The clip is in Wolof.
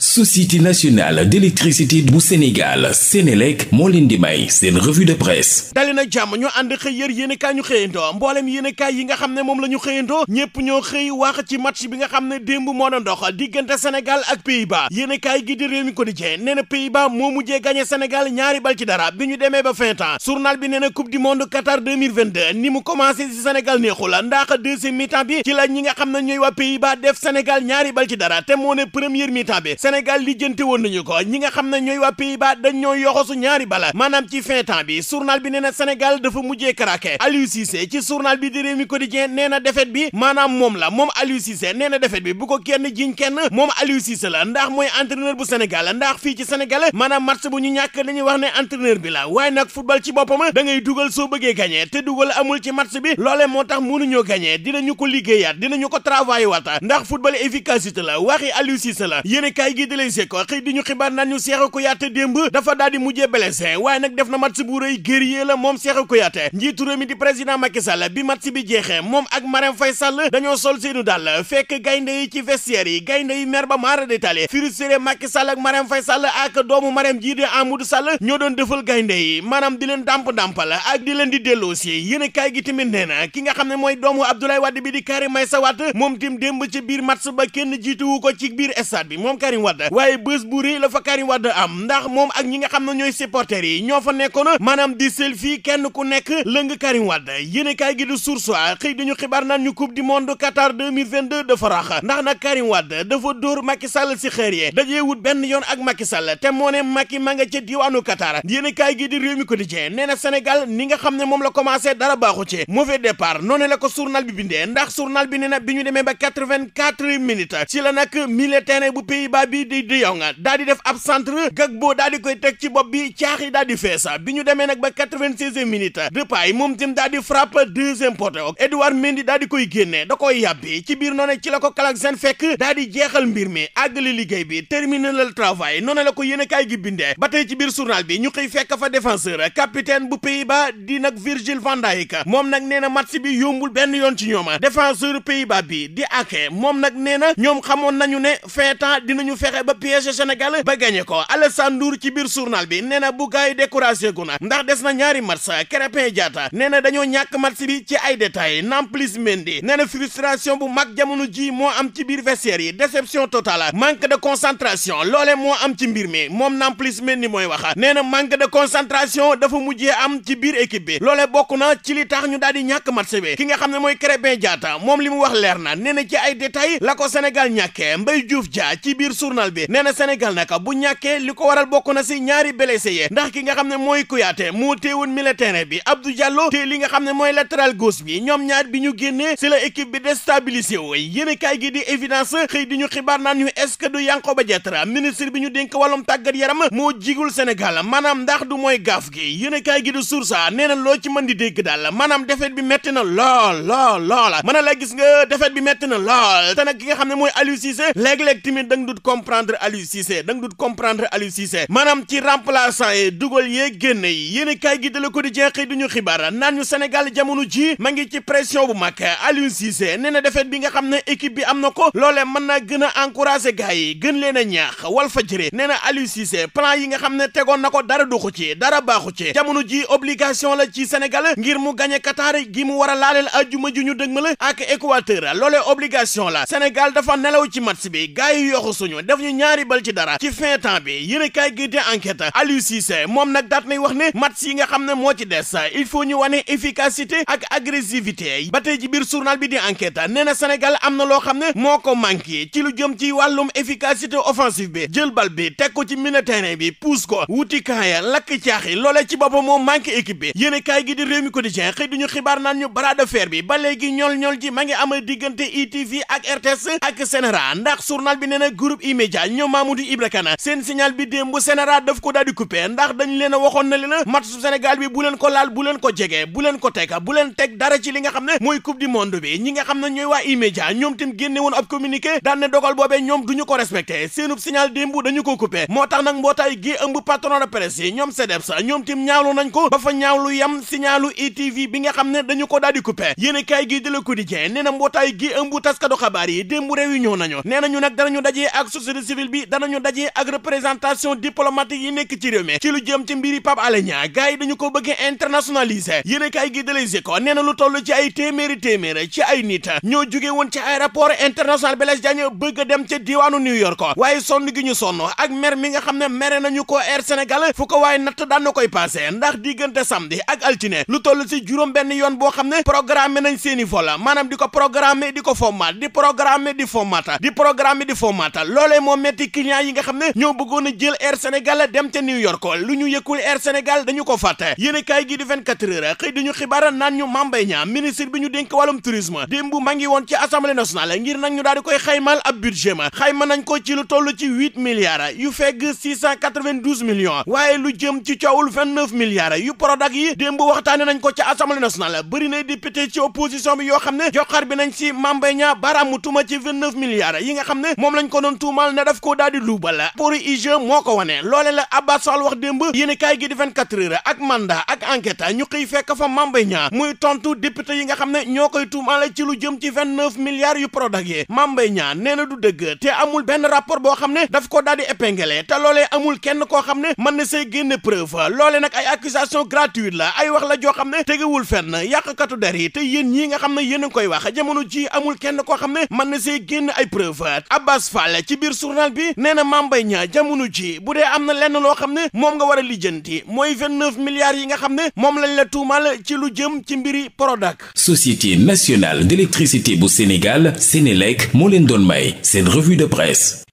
société nationale d'électricité bu Sénégal Sénélec moo leen di may seen revue de presse dali na jàmm ñu ànd xëy yër yéenekaay ñu xëyandoo mbooleem yéenekaay yi nga xam ne moom la ñu xëyandoo ñépp ñoo xëy wax ci match bi nga xam ne démb moo doon dox diggante Sénégal ak Pays-Bas yéenekaay gi di Rewmi Quotidien nee na Pays-Bas moo mujjee gagné Sénégal ñaari bal ci dara bi ñu demee ba fin temps journal bi nee na coupe du monde Qatar 2022 ni mu commencé ci Sénégal neexul ndax deuxième mi-temps bi ci la ñi nga xam ne ñooy waa Pays-Bas def ñaari bal dara te moo ne première mi Sénégal lijjanti woon nañu ko ñi nga xam ne ñooy waa Pays-Bas dañ ñoo yoxosu ñaari bala maanaam ci fin temps bi journal bi nee na Sénégal dafa mujjee craqué Aliou Cissé ci journal bi di Rewmi Quotidien nee na défaite bi maanaam moom la moom Aliou Cissé nee na défaite bi bu ko kenn jiñ kenn moom Aliou Cissé la ndax mooy entraîneur bu Sénégal ndax fii ci Sénégal maanaam match bu ñu ñàkk dañuy wax ne entraîneur bi la waaye nag football ci boppam da ngay dugal soo bëggee gagné te dugal amul ci match bi loolee moo tax mënuñoo gagné dinañu ko liggéeyaat dinañu ko travailler waat ndax football efficacité la waxi Aliou la yéen gi di Les Échos xëy di ñu xibaar naan ñu Cheikhou Kouyaté démb dafa daal di mujjee waaye nag def na match bu rëy guerrier la moom Cheikhou Kouyaté njiitu réew mi di président Macky Sall bi match bi jeexee moom ak Marème Faye Sall dañoo sol seenu dàll fekk gaynde yi ci vestiaire yi gaynde yi mer ba maara détaillé frustré Macky Sall ak Marème Faye Sall ak doomu Marème jii di Amadou ñoo doon defal gaynde yi maanaam di leen dàmp-dàmpal ak di leen di delloosi yéen kaay ko Wade waaye bés bu rëy la fa Karim Wade am ndax moom ak ñi nga xam ne ñooy supporters yi ñoo fa nekkoon maanaam di selfie kenn ku nekk lëng Karim Wade yéen gi di Source A dajee wut benn yoon ak Macky Sall te moo ne Macky ma nga diwaanu Qatar yéen kaay gi di réew mi quotidien nee na Sénégal ni nga xam ne moom la commencé dara baaxu ci mauvais départ noonu la ko bi bindee ndax journal bi nee na bi ñu demee ba 84 minutes ci la nag militaire bu di di yow nga def ab centre Gbagbo koy teg ci bopp bi caax yi feesa bi ñu demee nag ba quatre-vingt-seizième moom di frappe koy génne da koy yàbbi ci biir noonu ci la ko kalak fekk daal jeexal mbir mi àggali liggéey bi terminer le travail la ko yéen a kaay ba tey ci biir journal bi ñu xëy fekk fa défenseur capitaine bu Pays-Bas di nag Virgil van Dijk moom nag nee na bi yombul benn yoon ci ñooma défenseur Pays-Bas bi di Ake moom nag fexe ba piège Sénégal ba gagné ko Alassane Ndour ci biir journal bi nee na bu gars yi découragé gu na ndax des na ñaari match Krépin Diatta nee na dañoo ñàkk match bi ci ay détails Nampalys Mendy nee na frustration bu mag jamono ji moo am ci biir vestiaire yi déception totale manque de concentration loole moo am ci mbir mi moom Nampalys Mendy mooy wax nee na manque de concentration dafa mujjee am ci biir équipe bi loole bokk na ci li tax ñu daal di ñàkk match bi ki nga xam ne mooy Krépin Diatta moom li mu wax leer na nee na ci ay détails la ko Sénégal ñàkkee Mbaye Diouf Dia journal bi nee na Sénégal nag bu ñàkkee li ko waral bokk na si ñaari blessé yi ndax ki nga xam ne mooy Kouyaté moo téewoon milieu terrain bi Abdou Diallo te li nga xam ne mooy latéral gauche bi ñoom ñaar bi ñu génnee si la équipe bi déstabilisé wu yéen kaay gi di évidence xëy di ñu xibaar naan ñu est du Yankhoba Diattara ministre bi ñu dénk wàllum tàggat yaram moo jigul Sénégal maanaam ndax du mooy gaaf gi yéen kaay gi di source nee na loo ci mën di dégg daal maanaam defet la gis nga defet bi comprendre Aliou Cissé da nga dut i kaay gi ma ngi ci pression bu mag Aliou Cissé nee na defet bi nga xam ne équipe bi am na ko loolee mën naa gën a encouragé gën leen a wal fa jëree nee na Aliou Cissé yi nga xam ne tegoon na ko dara duxu ci dara baaxu ci jamono ji obligation la ci Sénégal ngir mu gañe Qatar gi mu war a laaleel ajjuma ju ñu dëgmal ak Équateur loolee obligation la Sénégal dafa nelaw ci match bi gars yoxu suñu daf ñu ñaari bal ci dara ci fin temps bi yéen kaay gi di enquête Aliou moom nag daat nay wax ne match yi nga xam ne moo ci des il faut ñu wane efficacité ak agressivité ba tey ci biir journal bi di enquête nee na Sénégal am na loo xam ne moo ko manqué ci lu jëm ci wàllum efficacité offensive bi jël bal bi teg ko ci milieu terrain bi pousse ko wuti kaaya lakk caaxi loolee ci boppam moom manqué équipe bi yéen kaay gi di Rewmi Quotidien xëy duñu xibaar naan ñu bras de fer bi ba léegi ñool ñool ji ma ngi am diggante ITV ak RTS ak Sénéra ndax journal bi nee na groupe média ñoom Mamadou Ibra Kane seen signal bi démb bu sénéra ko daal di coupé ndax dañ leen a waxoon na leen match su Sénégal bi bu leen ko laal bu leen ko jege bu leen ko teg bu leen teg dara ci li nga xam ne mooy coupe du monde bi ñi nga xam ne ñooy waa E-Media ñoom tam génne woon ab communiqué daan ne dogal boobee ñoom du ñu ko respecté seenub signal démb dañu ko coupé moo tax nag mbootaay gi ëmb patron de ñoom CDEPS ñoom tim ñaawlu nañ ko ba fa ñaawlu yam signalu ITV e bi nga xam ne dañu ko daal di coupé yéene kaay gi di Le Quotidien nee na mbootaay yi démb réunion nañu nee nañu nag danañu dajee société civile bi danañu dajee ak représentation diplomatique yi nekk ci réew mi ci lu jëm ci mbiri Pape Alé Niang gars dañu ko bëgg internationaliser yéen kay gi dalee si ko nee na lu toll ci ay téeméeri téeméer ci ay nit ñoo jóge woon ci aéroport international Blaise Diagne bëgg a dem ca diwaanu New York waaye sonn gi ñu sonn ak mer mi nga xam ne mere nañu ko Air Sénégal fu ko waaye natt daan na koy passé ndax diggante samedi ak altine lu toll ci juróom benn yoon boo xam ne programme nañ seeni vol maanaam di ko programme di ko format di programme di format di programme di format loolee moo metti client yi nga xam ne ñoo bëggoon a jël Air Sénégal dem ca New lu ñu yëkkul Air Sénégal dañu ko fàtte yéene kaay gi di 24 heures xëy di ñu xibaar naan ñu Mame Mbaye Niang ministre bi ñu dénk wàllum tourisme démb ma ngi woon ci assemblée nationale ngir nag ñu daal di koy xaymal ab budget ma xayma nañ ko ci lu toll ci 8 milliards yu fegg 692 millions waaye lu jëm ci coowul 29 milliards yu Prodac yi démb waxtaane nañ ko ci assemblée nationale bëri na député ci opposition bi yoo xam ne joxar bi nañ si Mame Mbaye Niang baaraamu tuuma yi nga xam ne moom lañ ko doon tuumal ne daf koo daal di luubal pour IG e moo ko wane loole la Abbas Fall wax démb yéen kaay gi di 24 heures ak mandat ak enquête ñu xëy fekk fa Mambay ñaa muy tontu député yi nga xam ne ñoo koy tuumal ci lu jëm ci 29 milliards yu Prodac yi Mambay Niang nee na du dëgg te amul benn rapport boo xam ne daf ko daal di épinglé te loolee amul kenn koo xam ne mën na see génne preuve loole nag ay accusation gratuite la ay wax la joo xam ne tegewul fenn yàqkatu der yi te yéen ñii nga xam ne yéen a ngi koy wax jamono ji amul kenn koo xam ne mën na see génn ay preuve Abbas Fall ci biir biir bi nee na Mame Mbaye jamono ji bu dee am na lenn loo xam ne moom nga war a lijjanti mooy vingt-neuf milliards yi nga xam ne moom lañ la tuumal ci lu jëm ci mbiri Prodac. Société nationale d'électricité bu Sénégal Sénélec moo leen doon may seen revue de presse.